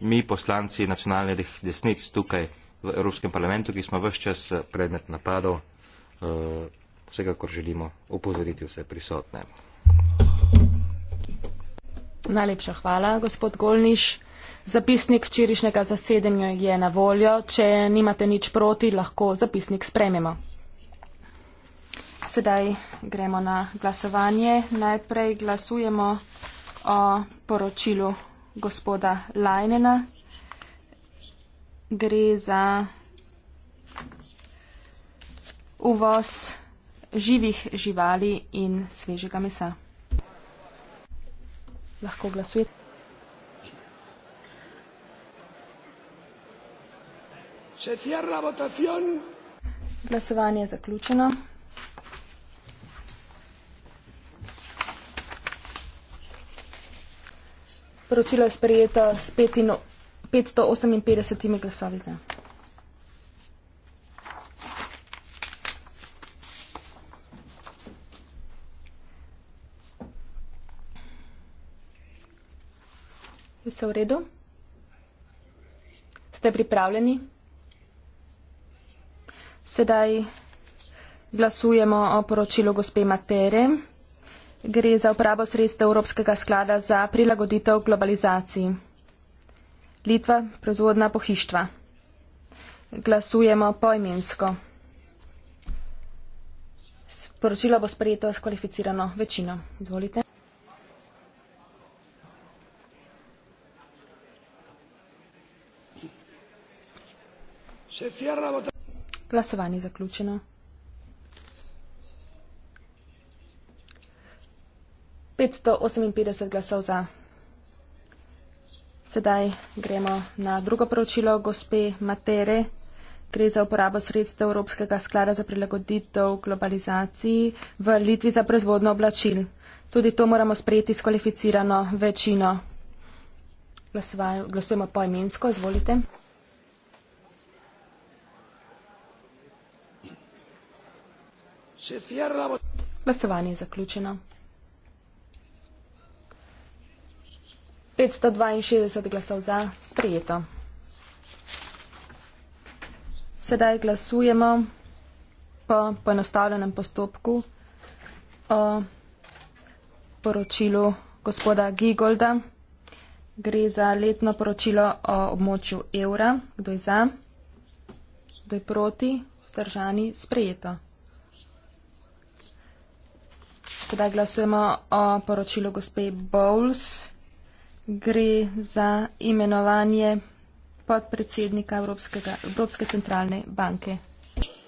mi poslanci nacionalnih desnic tukaj v Evropskem parlamentu, ki smo vse čas predmet napadov, eh, vsekakor želimo opozoriti vse prisotne. Najlepša hvala, gospod Golniš. Zapisnik včerajšnjega zasedanja je na voljo. Če nimate nič proti, lahko zapisnik sprememo. Sedaj gremo na glasovanje. Najprej glasujemo o poročilu gospoda Lajnena. Gre za uvoz živih živali in svežega mesa. Lahko glasujete. Se cierra votación. Glasovanje je zaključeno. Poročilo je sprejeto s 558 glasovite. Vse v redu? Ste pripravljeni? Sedaj glasujemo o poročilu gospe Matere gre za uporabo sredstev Evropskega sklada za prilagoditev globalizaciji. Litva, proizvodna pohištva. Glasujemo poimensko. Sporočilo bo sprejeto s kvalificirano večino. Izvolite. Glasovanje zaključeno. 558 glasov za. Sedaj gremo na drugo poročilo gospe Matere. Gre za uporabo sredstev Evropskega sklada za prilagoditev globalizaciji v Litvi za proizvodno oblačil. Tudi to moramo sprejeti s kvalificirano večino. Glasujemo poimensko, izvolite. Glasovanje je zaključeno. 562 glasov za, sprejeto. Sedaj glasujemo po poenostavljenem postopku o poročilu gospoda Gigolda. Gre za letno poročilo o območju evra. Kdo je za? Kdo je proti? Vzdržani? Sprejeto. Sedaj glasujemo o poročilu gospe Bowles gre za imenovanje podpredsednika Evropske centralne banke.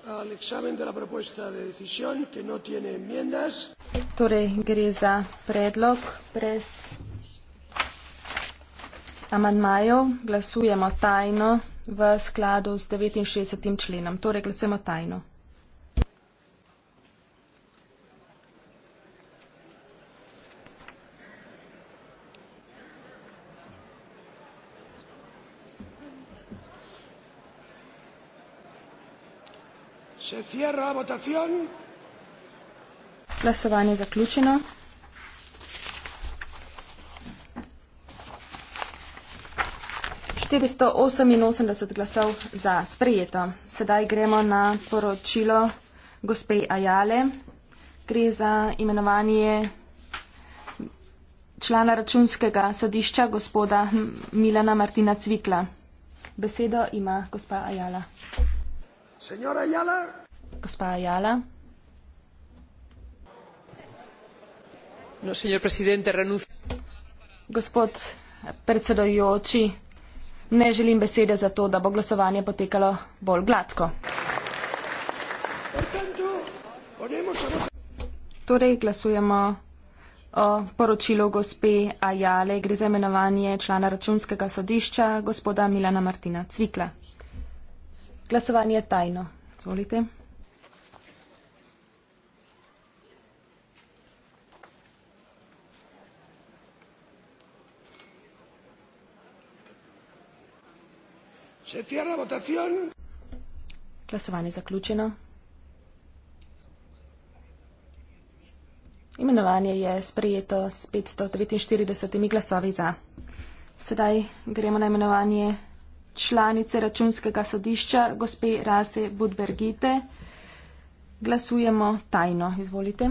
No torej gre za predlog brez amandmajev. Glasujemo tajno v skladu z 69. členom. Torej glasujemo tajno. Glasovanje je zaključeno. Štiristo oseminosemdeset glasov za sprejeto. Sedaj gremo na poročilo gospe Ajale. Gre za imenovanje člana računskega sodišča gospoda Milana Martina Cvikla. Besedo ima gospa Ajala. Señora Ayala, No, Gospod predsedujoči, ne želim besede za to, da bo glasovanje potekalo bolj gladko. Torej glasujemo o poročilu gospe Ajale, gre za imenovanje člana računskega sodišča gospoda Milana Martina Cvikla. Glasovanje je tajno. Zvolite. Se cierra votación. Glasovanje zaključeno. Imenovanje je sprejeto s 549 glasovi za. Sedaj gremo na imenovanje članice računskega sodišča, gospe Rase Budbergite. Glasujemo tajno. Izvolite.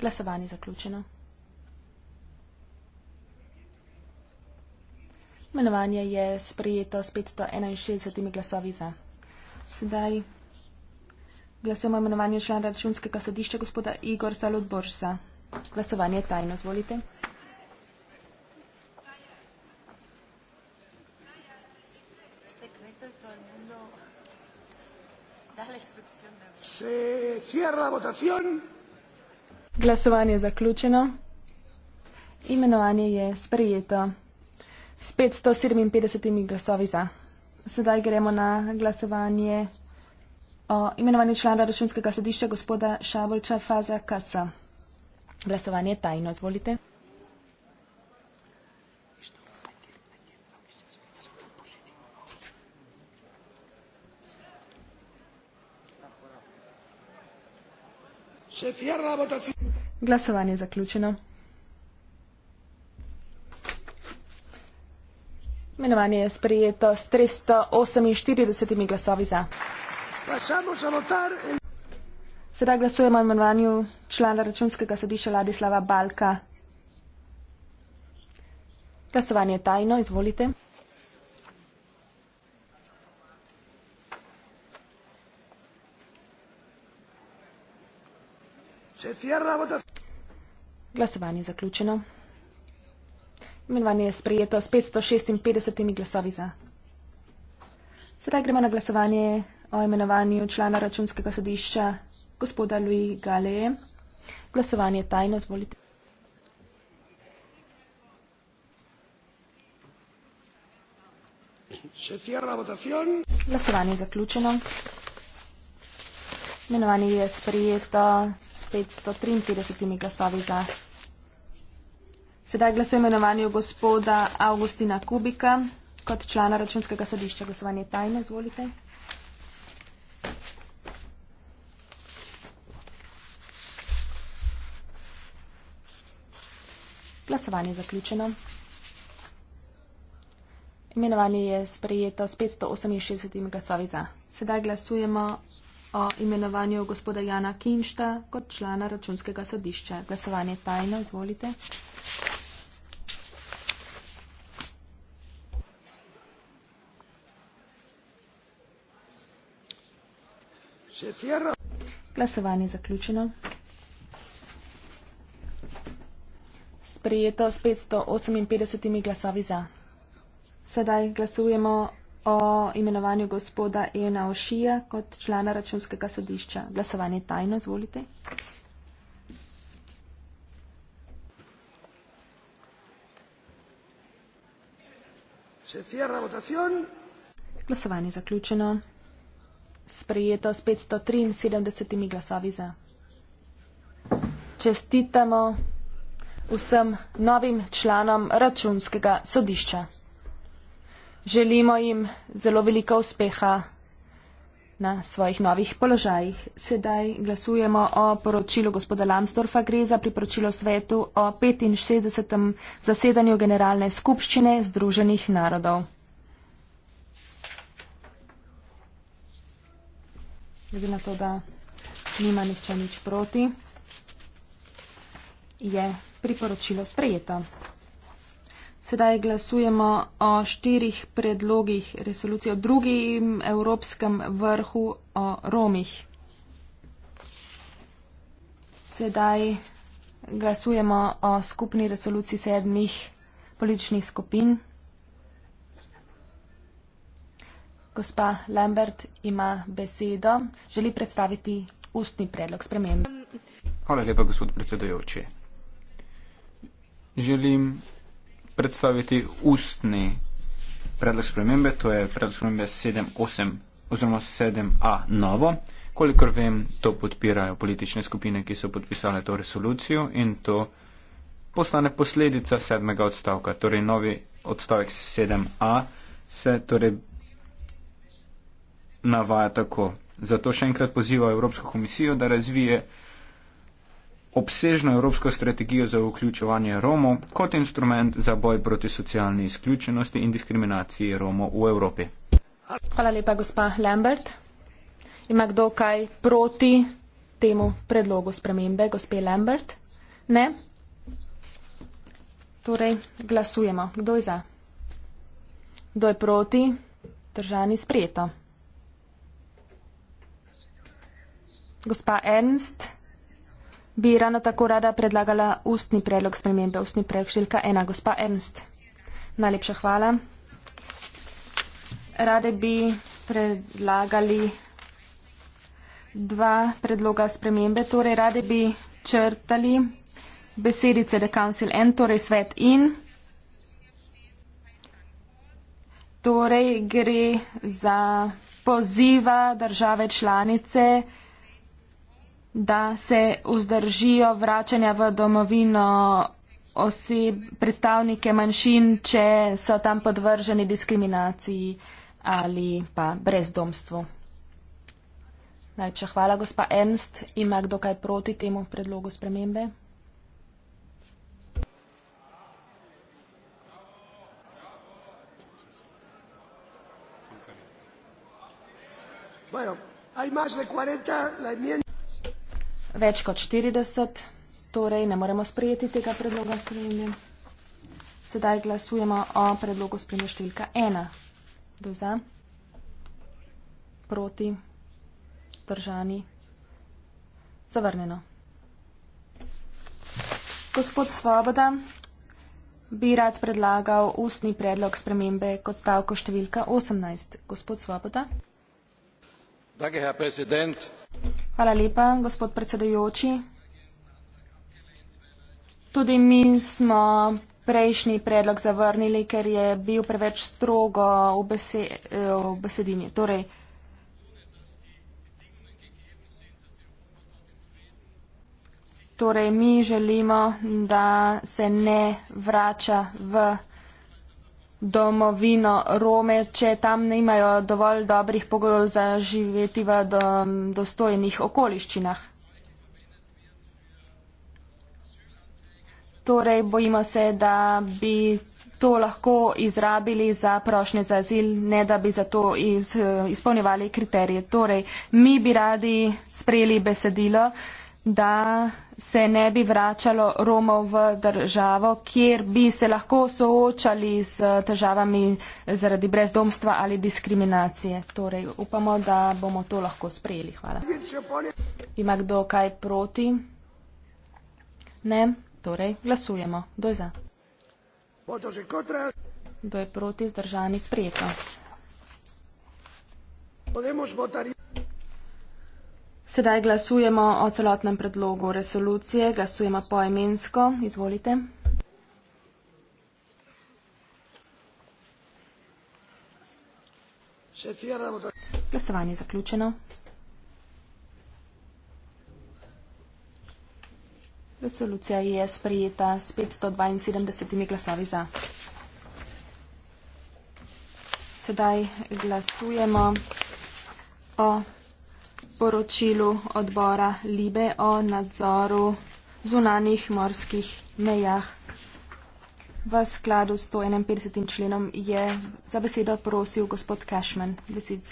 Glasovanje zaključeno. Imenovanje je sprejeto s 561 glasovi za. Sedaj glasujemo imenovanje člana računskega sodišča gospoda Igor Salud Borsa. Glasovanje je tajno. Zvolite. Glasovanje je zaključeno. Imenovanje je sprejeto s 557 glasovi za. Sedaj gremo na glasovanje o imenovanju člana računskega sodišča gospoda Šavolča Faza Kasa. Glasovanje je tajno, izvolite. Glasovanje je zaključeno. Imenovanje je sprejeto s 348 glasovi za. Sedaj glasujemo o imenovanju člana računskega sodišča Ladislava Balka. Glasovanje je tajno, izvolite. Se cierra la votación. Glasovanje je zaključeno. Imenovanje je sprejeto s 556 glasovi za. Sedaj gremo na glasovanje o imenovanju člana računskega sodišča gospoda Louis Galeje. Glasovanje je tajno, zvolite. Glasovanje je zaključeno. Imenovanje je sprejeto s 543 glasovi za. Sedaj glasujem imenovanju gospoda Augustina Kubika kot člana računskega sodišča. Glasovanje je tajno, izvolite. Glasovanje je zaključeno. Imenovanje je sprejeto s 568 glasovi za. Sedaj glasujemo o imenovanju gospoda Jana Kinšta kot člana računskega sodišča. Glasovanje je tajno, izvolite. Glasovanje je zaključeno. Sprejeto s 558 glasovi za. Sedaj glasujemo o imenovanju gospoda Ena Ošija kot člana računskega sodišča. Glasovanje tajno, izvolite. Se cierra votación. Glasovanje zaključeno. Sprejeto s 573 glasovi za. Čestitamo vsem novim članom računskega sodišča želimo jim zelo veliko uspeha na svojih novih položajih. Sedaj glasujemo o poročilu gospoda Lamstorfa. Gre za priporočilo svetu o 65. zasedanju Generalne skupščine Združenih narodov. Glede na to, da nima nihče nič proti, je priporočilo sprejeto. Sedaj glasujemo o štirih predlogih resolucije o drugim evropskem vrhu o Romih. Sedaj glasujemo o skupni resoluciji sedmih političnih skupin. Gospa Lambert ima besedo, želi predstaviti ustni predlog sprememb. Hvala lepa, gospod predsedujoči. Želim predstaviti ustni predlog spremembe, to je predlog spremembe 7.8 oziroma 7a novo. Kolikor vem, to podpirajo politične skupine, ki so podpisale to resolucijo in to postane posledica sedmega odstavka. Torej, novi odstavek 7a se torej navaja tako. Zato še enkrat pozivajo Evropsko komisijo, da razvije obsežno evropsko strategijo za vključevanje Romov kot instrument za boj proti socialni izključenosti in diskriminaciji Romov v Evropi. Hvala lepa, gospa Lambert. Ima kdo kaj proti temu predlogu spremembe, gospe Lambert? Ne? Torej, glasujemo. Kdo je za? Kdo je proti? Držani sprejeto. Gospa Ernst bi ravno tako rada predlagala ustni predlog spremembe, ustni predlog šilka ena, gospa Ernst. Najlepša hvala. Rade bi predlagali dva predloga spremembe, torej rade bi črtali besedice The Council N, torej svet in. Torej gre za poziva države članice, da se vzdržijo vračanja v domovino oseb, predstavnike manjšin, če so tam podvrženi diskriminaciji ali pa brezdomstvu. Najlepša hvala, gospa Ernst. Ima kdo kaj proti temu predlogu spremembe? Bueno, hay más de 40 la enmienda več kot 40, torej ne moremo sprejeti tega predloga spremembe. Sedaj glasujemo o predlogu spremembe številka 1. Kdo je za? Proti? Držani? Zavrnjeno. Gospod Svoboda bi rad predlagal ustni predlog spremembe kot stavko številka 18. Gospod Svoboda. Danke, Herr Präsident. Hvala lepa, gospod predsedujoči. Tudi mi smo prejšnji predlog zavrnili, ker je bil preveč strogo v, besed, v besedini. Torej, torej, mi želimo, da se ne vrača v domovino Rome, če tam ne imajo dovolj dobrih pogojev za živeti v dostojnih okoliščinah. Torej, bojimo se, da bi to lahko izrabili za prošnje za azil, ne da bi za to izpolnjevali kriterije. Torej, mi bi radi sprejeli besedilo da se ne bi vračalo Romov v državo, kjer bi se lahko soočali s težavami zaradi brezdomstva ali diskriminacije. Torej, upamo, da bomo to lahko sprejeli. Hvala. Ima kdo kaj proti? Ne. Torej, glasujemo. Kdo je za? Kdo je proti? Zdržani sprejeto. Sedaj glasujemo o celotnem predlogu resolucije. Glasujemo poemensko. Izvolite. Glasovanje je zaključeno. Resolucija je sprijeta s 572 glasovi za. Sedaj glasujemo o poročilu odbora Libe o nadzoru zunanih morskih mejah. V skladu s 151. členom je za besedo prosil gospod Cashman.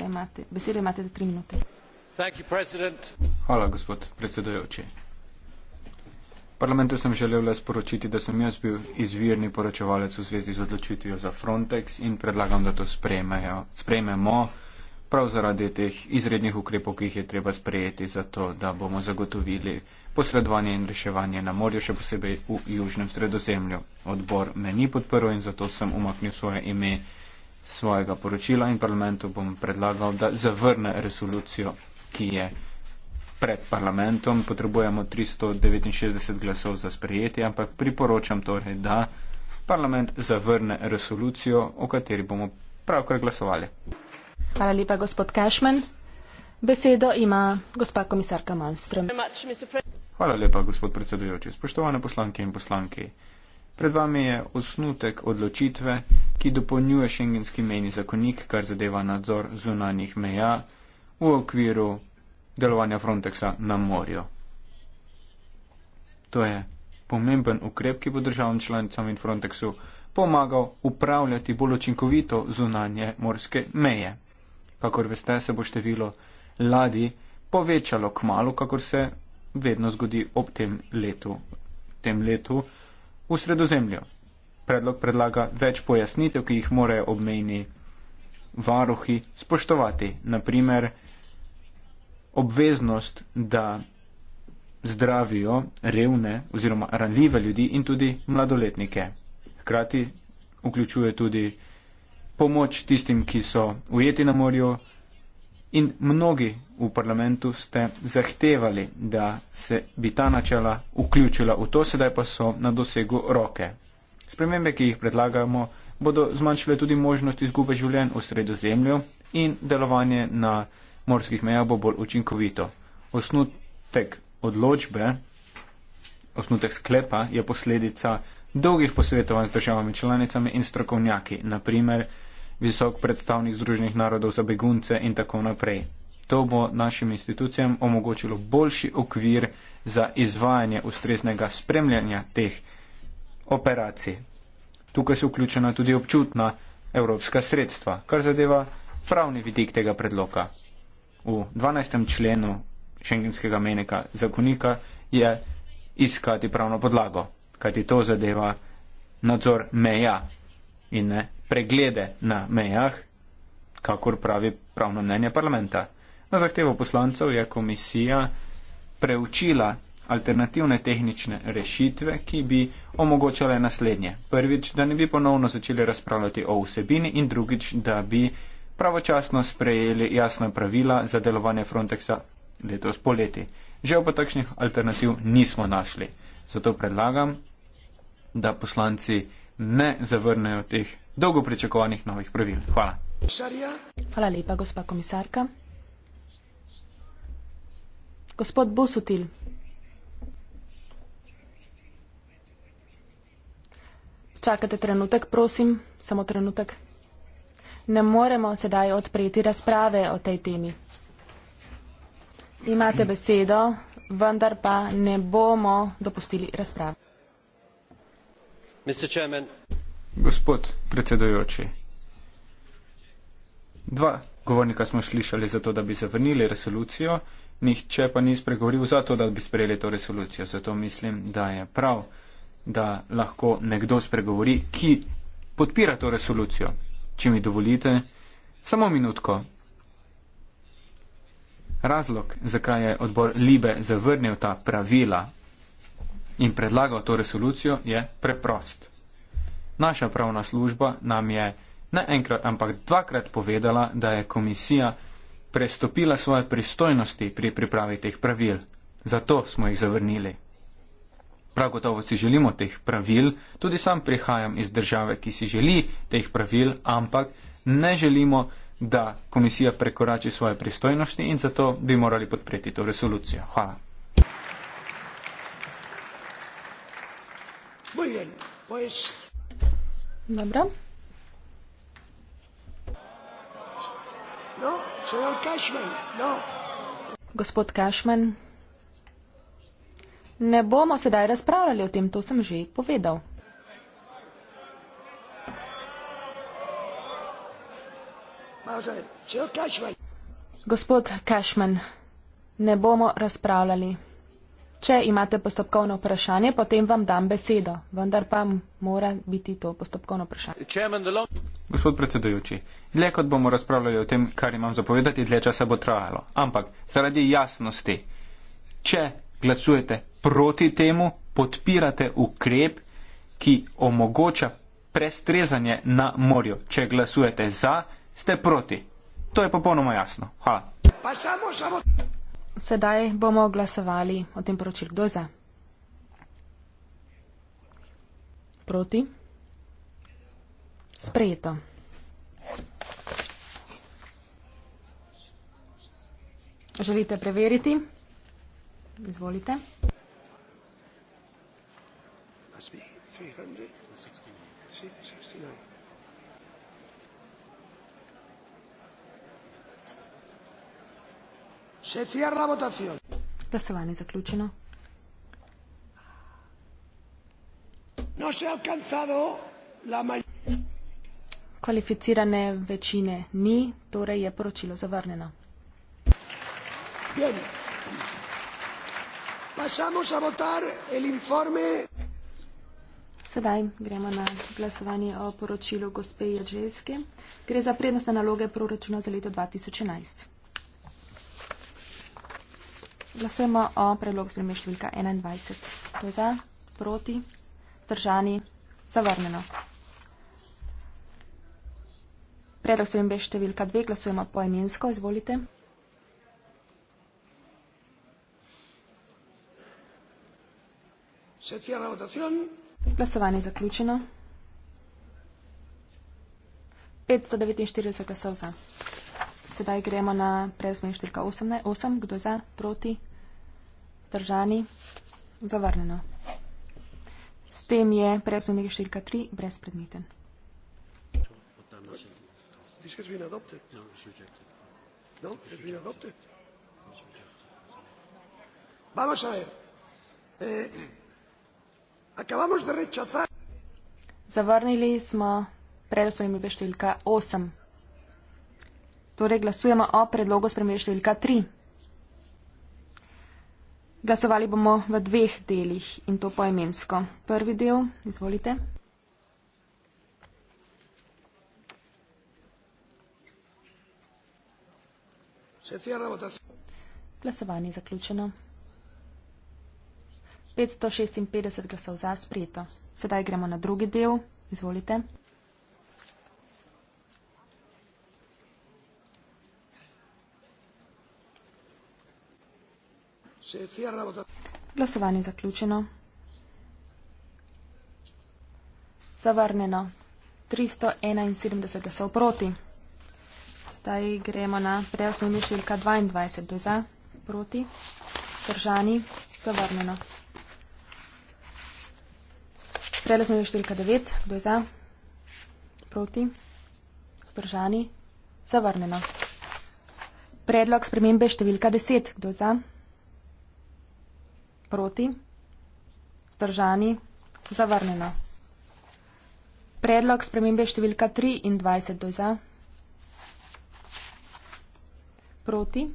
Imate, besedo imate za tri minute. Hvala, gospod predsedojoči. Parlamentu sem želel le sporočiti, da sem jaz bil izvirni poročevalec v zvezi z odločitvijo za Frontex in predlagam, da to sprejmejo. sprejmemo prav zaradi teh izrednih ukrepov, ki jih je treba sprejeti za to, da bomo zagotovili posredovanje in reševanje na morju, še posebej v južnem sredozemlju. Odbor me ni podprl in zato sem umaknil svoje ime svojega poročila in parlamentu bom predlagal, da zavrne resolucijo, ki je pred parlamentom. Potrebujemo 369 glasov za sprejetje, ampak priporočam torej, da parlament zavrne resolucijo, o kateri bomo pravkar glasovali. Hvala lepa, gospod Cashman. Besedo ima gospa komisarka Malmström. Hvala lepa, gospod predsedujoči. Spoštovane poslanke in poslanki. Pred vami je osnutek odločitve, ki dopolnjuje šengenski meni zakonik, kar zadeva nadzor zunanjih meja v okviru delovanja Frontexa na morju. To je pomemben ukrep, ki bo državam članicam in Frontexu pomagal upravljati bolj učinkovito zunanje morske meje. Kakor veste, se bo število ladi povečalo k malu, kakor se vedno zgodi ob tem letu, tem letu v sredozemlju. Predlog predlaga več pojasnitev, ki jih morajo obmejni varuhi spoštovati. Naprimer, obveznost, da zdravijo revne oziroma ranljive ljudi in tudi mladoletnike. Hkrati vključuje tudi pomoč tistim, ki so ujeti na morju in mnogi v parlamentu ste zahtevali, da se bi ta načela vključila v to, sedaj pa so na dosegu roke. Spremembe, ki jih predlagamo, bodo zmanjšale tudi možnost izgube življenj v sredozemlju in delovanje na morskih mejah bo bolj učinkovito. Osnutek odločbe, osnutek sklepa je posledica dolgih posvetovanj z državami članicami in strokovnjaki, naprimer visok predstavnik Združenih narodov za begunce in tako naprej. To bo našim institucijam omogočilo boljši okvir za izvajanje ustreznega spremljanja teh operacij. Tukaj so vključena tudi občutna evropska sredstva, kar zadeva pravni vidik tega predloka. V 12. členu šengenskega menika zakonika je iskati pravno podlago kajti to zadeva nadzor meja in ne preglede na mejah, kakor pravi pravno mnenje parlamenta. Na zahtevo poslancev je komisija preučila alternativne tehnične rešitve, ki bi omogočale naslednje. Prvič, da ne bi ponovno začeli razpravljati o vsebini in drugič, da bi pravočasno sprejeli jasna pravila za delovanje Frontexa letos poleti. Že ob takšnih alternativ nismo našli. Zato predlagam, da poslanci ne zavrnejo teh dolgo pričakovanih novih pravil. Hvala. Hvala lepa, gospa komisarka. Gospod Busutil. Čakate trenutek, prosim, samo trenutek. Ne moremo sedaj odpreti razprave o tej temi. Imate besedo, vendar pa ne bomo dopustili razprave. Gospod predsedujoči, dva govornika smo slišali za to, da bi zavrnili resolucijo, nihče pa ni spregovoril za to, da bi sprejeli to resolucijo. Zato mislim, da je prav, da lahko nekdo spregovori, ki podpira to resolucijo. Če mi dovolite, samo minutko, razlog, zakaj je odbor Libe zavrnil ta pravila in predlagal to resolucijo, je preprost. Naša pravna služba nam je ne enkrat, ampak dvakrat povedala, da je komisija prestopila svoje pristojnosti pri pripravi teh pravil. Zato smo jih zavrnili. Prav gotovo si želimo teh pravil, tudi sam prihajam iz države, ki si želi teh pravil, ampak ne želimo, da da komisija prekorači svoje pristojnosti in zato bi morali podpreti to resolucijo. Hvala. Dobro. No, no. Gospod Kašmen, ne bomo sedaj razpravljali o tem, to sem že povedal. Gospod Cashman, ne bomo razpravljali. Če imate postopkovno vprašanje, potem vam dam besedo, vendar pa mora biti to postopkovno vprašanje. Gospod predsedujoči, dlje kot bomo razpravljali o tem, kar imam zapovedati, dlje časa bo trajalo. Ampak zaradi jasnosti, če glasujete proti temu, podpirate ukrep, ki omogoča prestrezanje na morju. Če glasujete za, ste proti. To je popolnoma jasno. Hvala. Sedaj bomo glasovali o tem poročilu. Kdo je za? Proti? Sprejeto. Želite preveriti? Izvolite. Must be 300. Se cierra votación. Glasovanje je zaključeno. No se ha alcanzado la Kvalificirane večine ni, torej je poročilo zavrnjeno. Bien. Pasamos a votar el informe. Sedaj gremo na glasovanje o poročilu gospe Jadžeske. Gre za prednostne naloge proračuna za leto 2011. Glasujemo o predlogu spremenj številka 21. To je za, proti, držani, zavrnjeno. Predlog spremenj številka 2. Glasujemo poimensko. Izvolite. Glasovanje je zaključeno. 549 glasov za. Sedaj gremo na preizmenj številka 8. Kdo za, proti, držani, zavrnjeno. S tem je preizmenj številka 3 brezpredmeten. No, no, eh, Zavrnili smo preizmenj številka 8. Torej glasujemo o predlogu spremembe številka 3. Glasovali bomo v dveh delih in to poimensko. Prvi del, izvolite. Glasovanje je zaključeno. 556 glasov za sprejeto. Sedaj gremo na drugi del. Izvolite. Glasovanje je zaključeno. Zavrnjeno. 371 glasov proti. Zdaj gremo na preosnovni številka 22. Do za, proti, držani, zavrnjeno. Preosnovni številka 9. Do za, proti, zdržani, zavrnjeno. Predlog spremembe številka 10. Kdo za? proti, vzdržani, zavrnjeno. Predlog spremembe številka 23 do za, proti,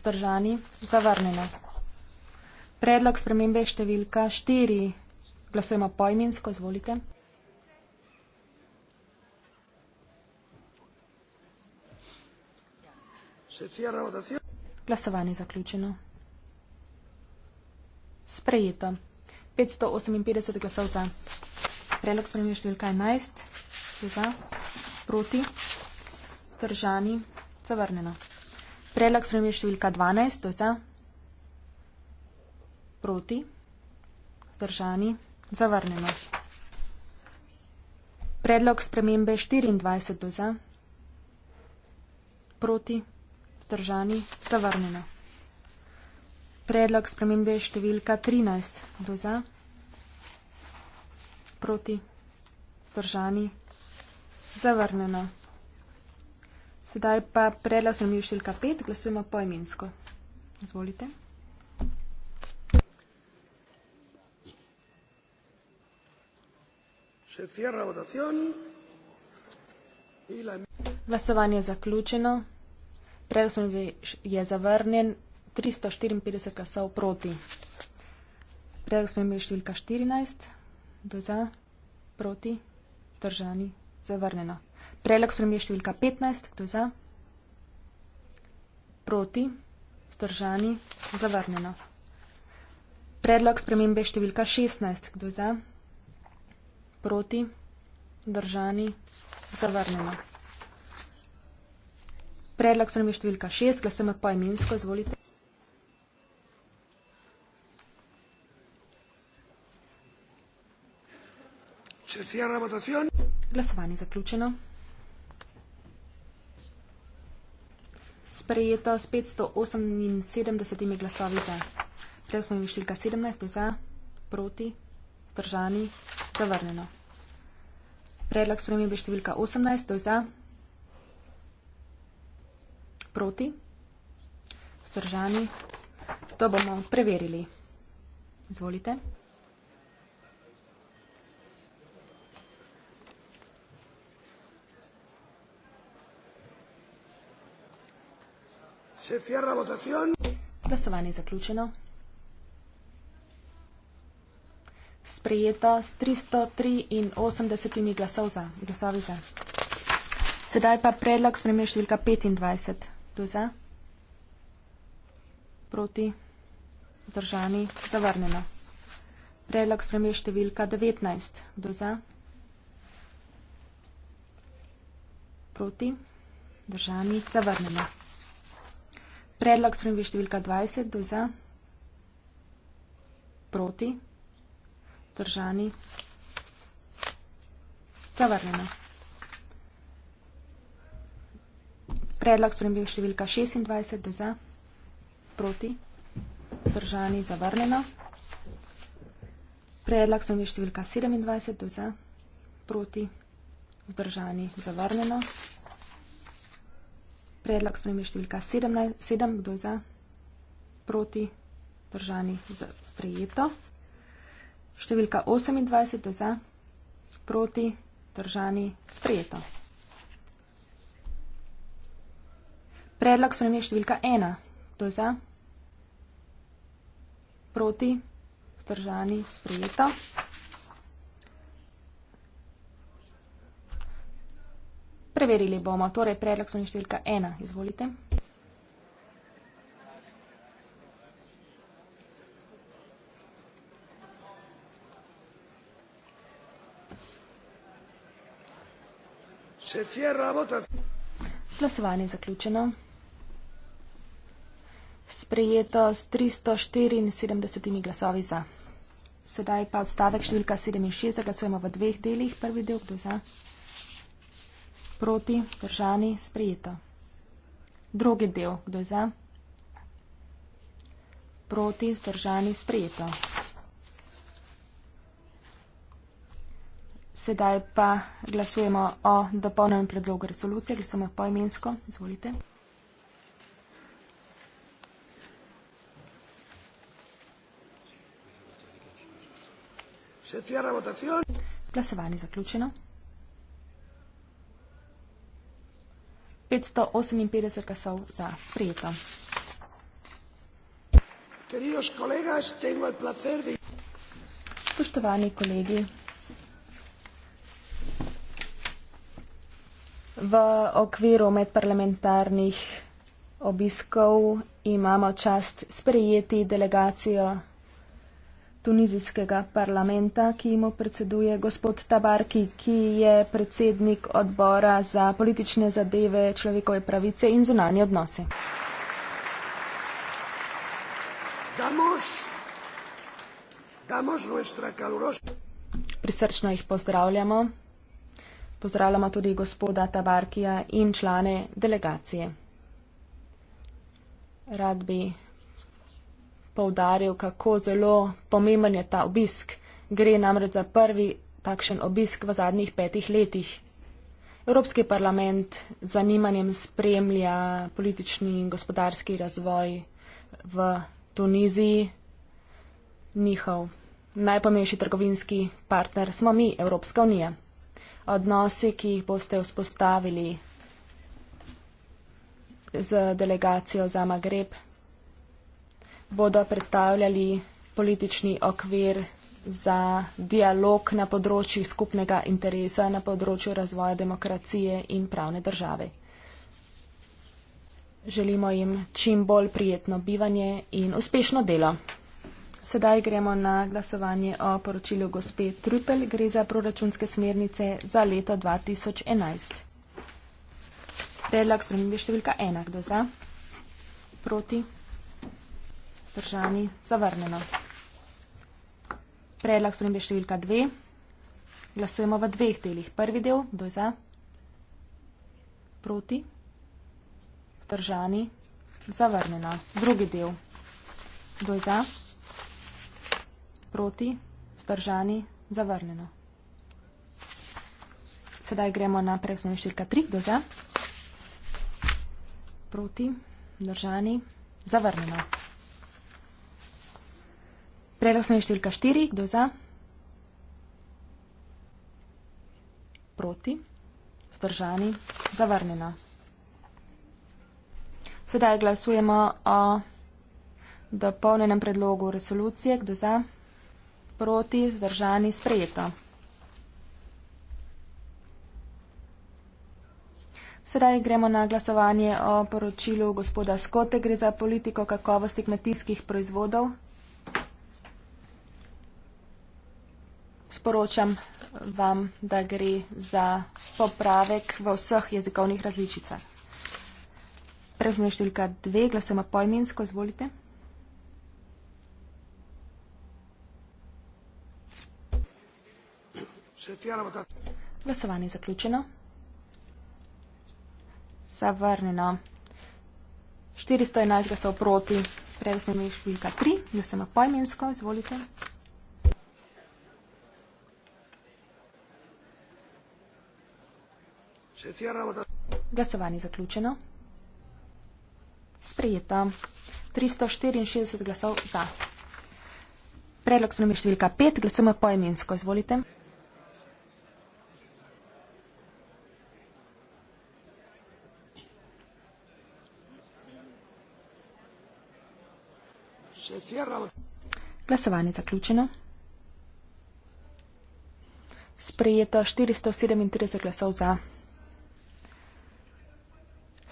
vzdržani, zavrnjeno. Predlog spremembe številka 4, glasujemo pojminsko, izvolite. Glasovanje zaključeno sprejeto. 558 glasov za. Predlog spremenja številka 11, za, proti, držani, zavrnjeno. Predlog spremenja številka 12, za, proti, držani, zavrnjeno. Predlog spremembe 24, za, proti, držani, zavrnjeno. Predlog spremembe številka 13. Kdo za? Proti? Zdržani? Zavrnjeno. Sedaj pa predlog spremembe številka 5. Glasujemo poimensko. Izvolite. Glasovanje je zaključeno. Predlog spremembe je zavrnjen. 354 glasov proti. Predlog smo imeli številka 14, do za, proti, držani, zavrnjeno. Predlog smo imeli številka 15, do za, proti, zdržani, zavrnjeno. Predlog spremembe številka 16. Kdo je za? Proti. Držani. Zavrnjeno. Predlog spremembe številka 6. Glasujemo poimensko. Izvolite. Se cierra votación. Glasovanje zaključeno. Sprejeto s 578 glasovi za. Preosnovi številka 17 za, proti, zdržani, zavrnjeno. Predlog spremembe številka 18 za, proti, zdržani. To bomo preverili. Izvolite. Se cierra votación. Glasovanje je zaključeno. Sprejeto s 383 glasov za. Glasovi za. Sedaj pa predlog spremlja številka 25. Kdo za? Proti? Zdržani? Zavrnjeno. Predlog spremlja številka 19. Kdo za? Proti? Zdržani? Zavrnjeno. Predlog spremembe številka 20, kdo je za? Proti? Držani? Zavrnjeno. Predlog spremembe številka 26, kdo je za? Proti? Držani? Zavrnjeno. Predlog spremembe številka 27, kdo je za? Proti? Zdržani? Zavrnjeno. Predlog spremembe številka 17, 7, kdo je za, proti, držani za sprejeto. Številka 28, kdo je za, proti, držani sprejeto. Predlog spremembe številka 1, kdo je za, proti, držani sprejeto. Preverili bomo. Torej, predlog smo številka ena. Izvolite. Glasovanje je zaključeno. Sprejeto s 374 glasovi za. Sedaj pa odstavek številka 76. Glasujemo v dveh delih. Prvi del, kdo za? proti, držani, sprejeta. Drugi del, kdo je za? Proti, držani, sprejeta. Sedaj pa glasujemo o dopolnjenem predlogu resolucije, glasujemo poimensko, izvolite. Glasovanje zaključeno. 558 glasov za sprejeto. Spoštovani kolegi, v okviru medparlamentarnih obiskov imamo čast sprejeti delegacijo tunizijskega parlamenta, ki mu predseduje gospod Tabarki, ki je predsednik odbora za politične zadeve, človekove pravice in zunanje odnose. Damos. Damos Prisrčno jih pozdravljamo. Pozdravljamo tudi gospoda Tabarkija in člane delegacije. Rad bi poudaril, kako zelo pomemben je ta obisk. Gre namreč za prvi takšen obisk v zadnjih petih letih. Evropski parlament z zanimanjem spremlja politični in gospodarski razvoj v Tuniziji. Njihov najpomembnejši trgovinski partner smo mi, Evropska unija. Odnosi, ki jih boste vzpostavili z delegacijo za Magreb, bodo predstavljali politični okvir za dialog na področju skupnega interesa, na področju razvoja demokracije in pravne države. Želimo jim čim bolj prijetno bivanje in uspešno delo. Sedaj gremo na glasovanje o poročilu gospe Trupel. Gre za proračunske smernice za leto 2011. Predlog spremembe številka 1. Kdo za? Proti? Vzdržani zavrnjeno. Predlog spremembe številka 2. Glasujemo v dveh delih. Prvi del, kdo je za? Proti. Vzdržani zavrnjeno. Drugi del, kdo je za? Proti. Vzdržani zavrnjeno. Sedaj gremo na predlog spremembe številka 3. Kdo je za? Proti. Vzdržani zavrnjeno. Prerasno je številka 4. Kdo za? Proti. Zdržani. Zavrnjena. Sedaj glasujemo o dopolnenem predlogu resolucije. Kdo za? Proti. Zdržani. Sprejeto. Sedaj gremo na glasovanje o poročilu gospoda Skote. Gre za politiko kakovosti kmetijskih proizvodov. sporočam vam, da gre za popravek v vseh jezikovnih različicah. Prezno številka dve, glasujemo pojminsko, izvolite. Glasovanje je zaključeno. Zavrnjeno. 411 glasov proti. Prezno številka tri, glasujemo pojminsko, izvolite. Glasovanje zaključeno. Sprejeto. 364 glasov za. Predlog spremembe številka 5, glasujemo poemensko, izvolite. Glasovanje zaključeno. Sprejeto 437 glasov za.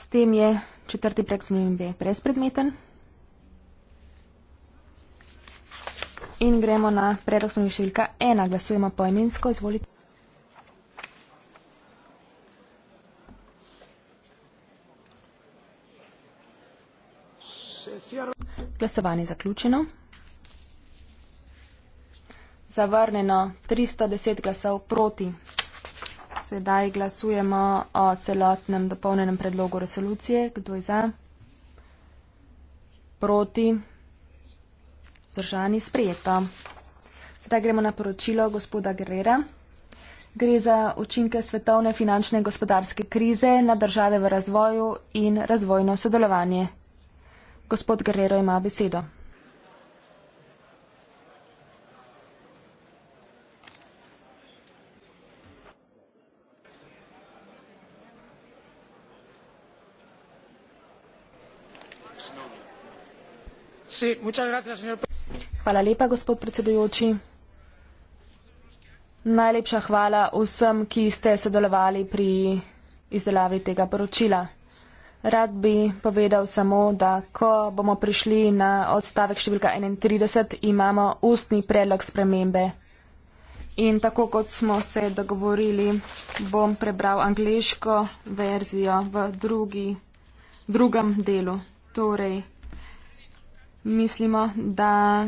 S tem je četrti prek spremembe brezpredmeten. In gremo na predlog spremembe številka 1. Glasujemo poimensko. Izvolite. Glasovanje zaključeno. Zavrnjeno 310 glasov proti sedaj glasujemo o celotnem dopolnenem predlogu resolucije. Kdo je za? Proti? Zdržani? Sprijeto. Sedaj gremo na poročilo gospoda Gerera. Gre za učinke svetovne finančne in gospodarske krize na države v razvoju in razvojno sodelovanje. Gospod Gerero ima besedo. Najlepša hvala vsem, ki ste sodelovali pri izdelavi tega poročila. Rad bi povedal samo, da ko bomo prišli na odstavek številka 31, imamo ustni predlog spremembe. In tako kot smo se dogovorili, bom prebral angliško verzijo v drugi, drugem delu. Torej, mislimo, da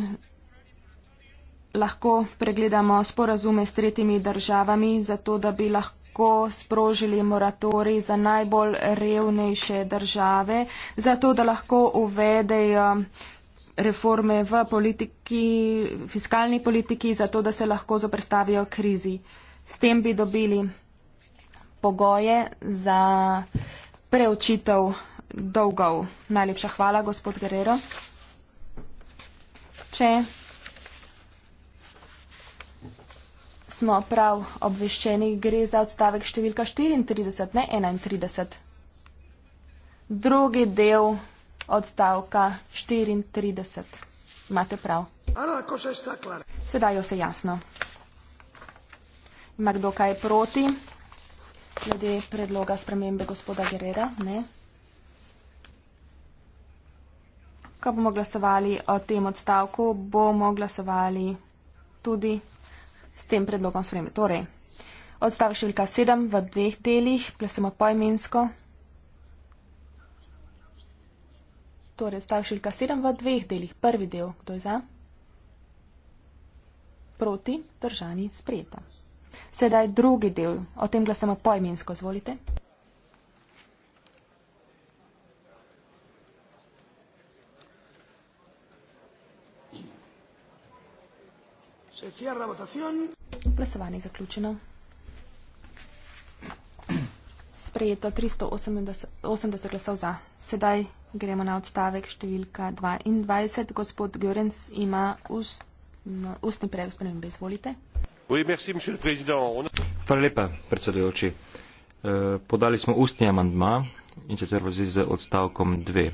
lahko pregledamo sporazume s tretjimi državami, zato da bi lahko sprožili moratori za najbolj revnejše države, zato da lahko uvedejo reforme v politiki, fiskalni politiki, zato da se lahko zoprstavijo krizi. S tem bi dobili pogoje za preučitev dolgov. Najlepša hvala, gospod Guerrero če smo prav obveščeni, gre za odstavek številka 34, ne 31. Drugi del odstavka 34. Imate prav. Sedaj jo se jasno. Ima kdo kaj proti glede predloga spremembe gospoda Gerera? Ne. ko bomo glasovali o tem odstavku, bomo glasovali tudi s tem predlogom sprejme. Torej, odstavek številka 7 v dveh delih, glasujemo poimensko. Torej, odstavek številka 7 v dveh delih, prvi del, kdo je za? Proti, držani, sprejeto. Sedaj drugi del, o tem glasujemo poimensko, zvolite. Se cierra votación. Glasovanje je zaključeno. Sprejeto 380 glasov za. Sedaj gremo na odstavek številka 22. Gospod Görens ima ustni preusmeren, da izvolite. Hvala lepa, predsedujoči. Eh, podali smo ustni amandma in sicer v zvezi z odstavkom 2.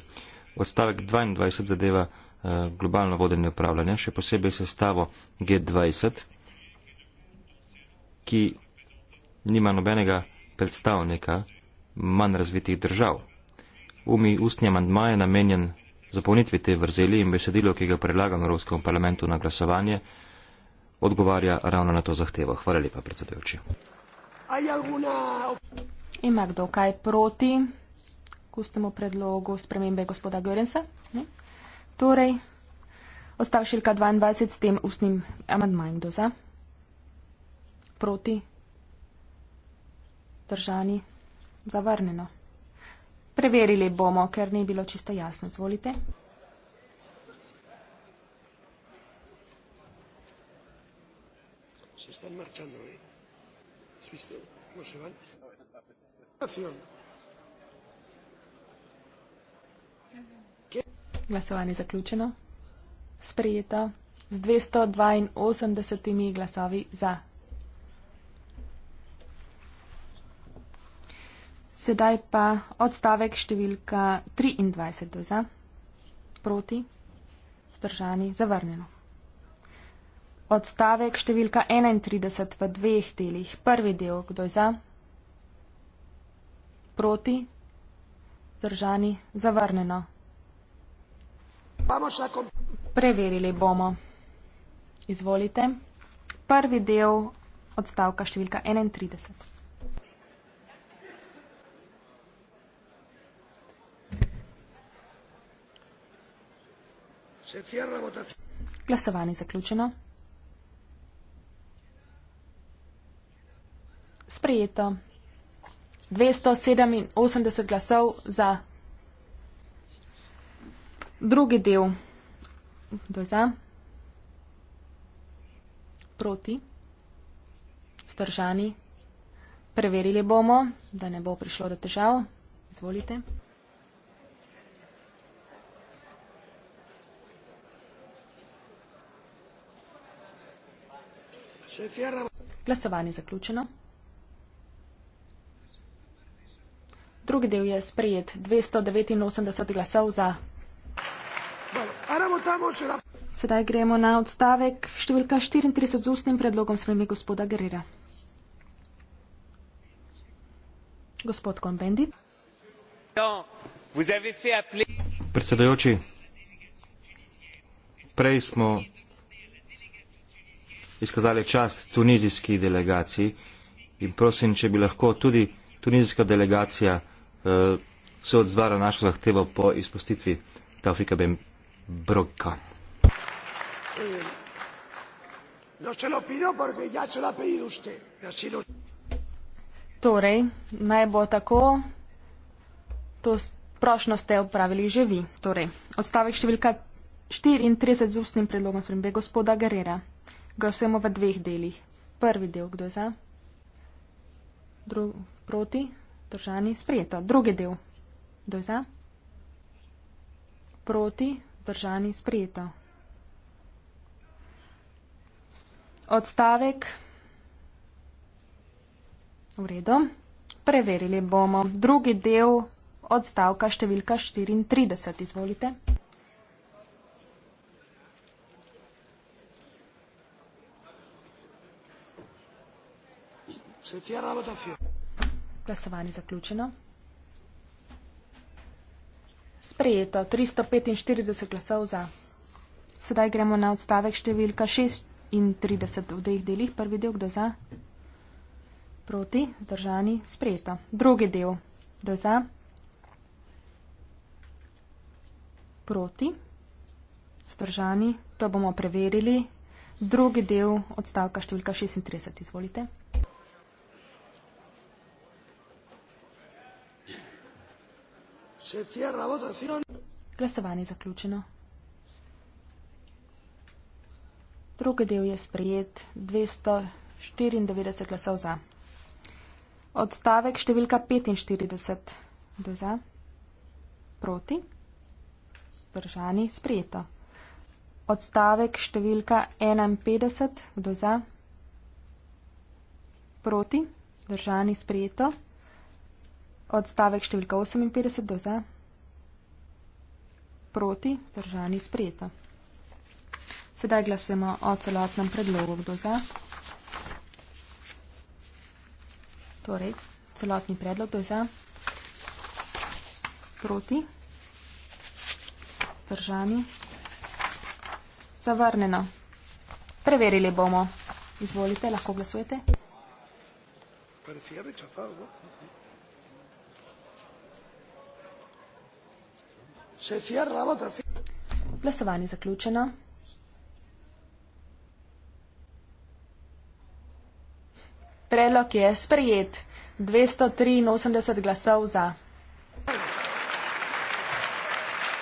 Odstavek 22 zadeva Eh, globalno vodenje upravljanja, še posebej sestavo G20, ki nima nobenega predstavnika manj razvitih držav. Umi ustni amandma je namenjen zapolnitvi te vrzeli in besedilo, ki ga predlagam Evropskemu parlamentu na glasovanje, odgovarja ravno na to zahtevo. Hvala lepa, predsedujoči. Ima kdo kaj proti kustemu predlogu spremembe gospoda Görensa? Ne? Torej, ostav šilka 22 s tem ustnim amandmajem do za. Proti. Držani. Zavrneno. Preverili bomo, ker ni bilo čisto jasno. Zvolite. Se están marchando, ¿eh? ¿Has visto cómo se van? Acción. glasovanje zaključeno. Sprejeto z 282 glasovi za. Sedaj pa odstavek številka 23 do za, proti, zdržani, zavrnjeno. Odstavek številka 31 v dveh delih. Prvi del, kdo je za, proti, zdržani, zavrnjeno. Preverili bomo. Izvolite. Prvi del odstavka številka 31. Glasovanje zaključeno. Sprejeto. 287 glasov za. Drugi del. To je za. Proti. Zdržani. Preverili bomo, da ne bo prišlo do težav. Izvolite. Glasovanje zaključeno. Drugi del je sprejet 289 glasov za Sedaj gremo na odstavek številka 34 z ustnim predlogom spremi gospoda Gerera. Gospod Kombendi. Predsedajoči, prej smo izkazali čast tunizijski delegaciji in prosim, če bi lahko tudi tunizijska delegacija uh, se odzvala našo zahtevo po izpustitvi Taufika Ben Broca. No torej, naj bo tako, to prošno ste upravili že vi. Torej, odstavek številka 34 z ustnim predlogom spremembe gospoda Gerera. Glasujemo v dveh delih. Prvi del, kdo je za? Drugi proti? Držani sprejeto. Drugi del, kdo je za? Proti? vzdržani sprejeto. Odstavek. V redu. Preverili bomo drugi del odstavka številka 34. Izvolite. Glasovanje zaključeno. Sprejeto. 345 glasov za. Sedaj gremo na odstavek številka 36 v dveh delih. Prvi del, kdo za? Proti, zdržani, sprejeto. Drugi del, kdo za? Proti, zdržani, to bomo preverili. Drugi del odstavka številka 36, izvolite. Se cierra votación. Glasovanje zaključeno. Drugi del je sprejet 294 glasov za. Odstavek številka 45 do za. Proti. Držani sprejeto. Odstavek številka 51 do za. Proti. Držani sprejeto odstavek številka 58 do za, proti, vzdržani, sprejeta. Sedaj glasujemo o celotnem predlogu, kdo za. Torej, celotni predlog, kdo za, proti, vzdržani, zavrneno. Preverili bomo. Izvolite, lahko glasujete. Prefiero, če pa, no, no, no. Glasovanje je zaključeno. Predlog je sprejet. 283 glasov za.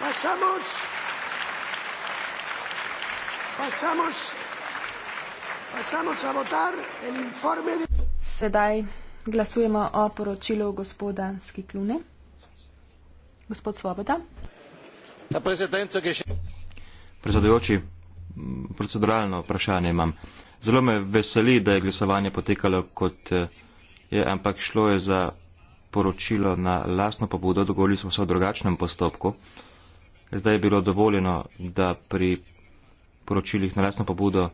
Pasamos. Pasamos. Pasamos a votar el informe de... Sedaj glasujemo o poročilu gospoda Skiklune. Gospod Svoboda. Predsedujoči, proceduralno vprašanje imam. Zelo me veseli, da je glasovanje potekalo kot eh, je, ampak šlo je za poročilo na lastno pobudo, dogovorili smo se o drugačnem postopku. Zdaj je bilo dovoljeno, da pri poročilih na lastno pobudo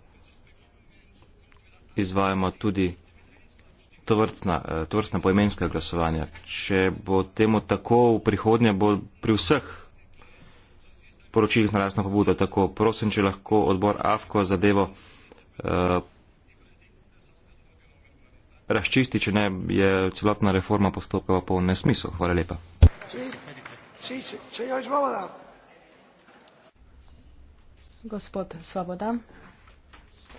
izvajamo tudi tovrstna eh, poimenska glasovanja. Če bo temu tako v prihodnje, bo pri vseh poročilih na lastno pobudo. Tako prosim, če lahko odbor AFKO zadevo uh, razčisti, če ne je celotna reforma postopka po nesmislu. Hvala lepa. Gospod Svoboda,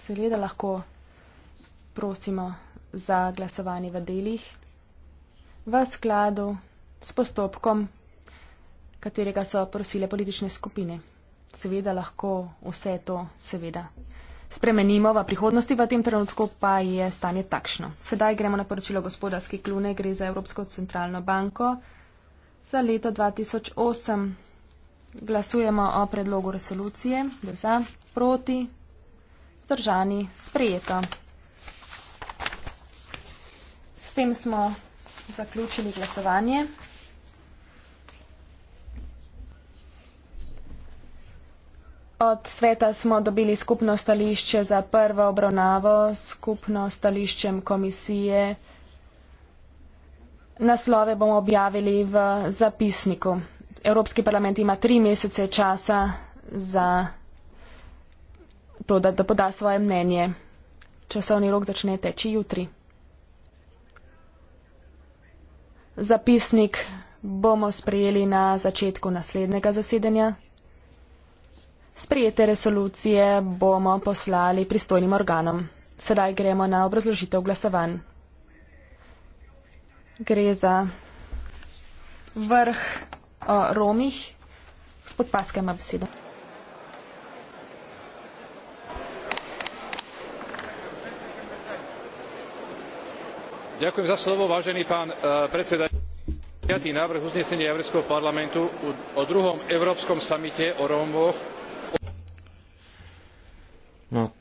seveda lahko prosimo za glasovanje v delih v skladu s postopkom katerega so prosile politične skupine. Seveda lahko vse to, seveda. Spremenimo v prihodnosti, v tem trenutku pa je stanje takšno. Sedaj gremo na poročilo gospodarske klune, gre za Evropsko centralno banko za leto 2008. Glasujemo o predlogu resolucije, gre za proti, zdržani, sprejeto. S tem smo zaključili glasovanje. od sveta smo dobili skupno stališče za prvo obravnavo, skupno stališčem komisije. Naslove bomo objavili v zapisniku. Evropski parlament ima tri mesece časa za to, da, da poda svoje mnenje. Časovni rok začne teči jutri. Zapisnik bomo sprejeli na začetku naslednjega zasedanja. Sprijete resolucije bomo poslali pristojnim organom. Sedaj gremo na obrazložitev glasovanj. Gre za vrh o Romih. Gospod Paske ima besedo. Ďakujem za slovo, vážený pán uh, e, predsedajúci. Piatý návrh uznesenia Európskeho parlamentu o druhom Európskom samite o Rómoch No, to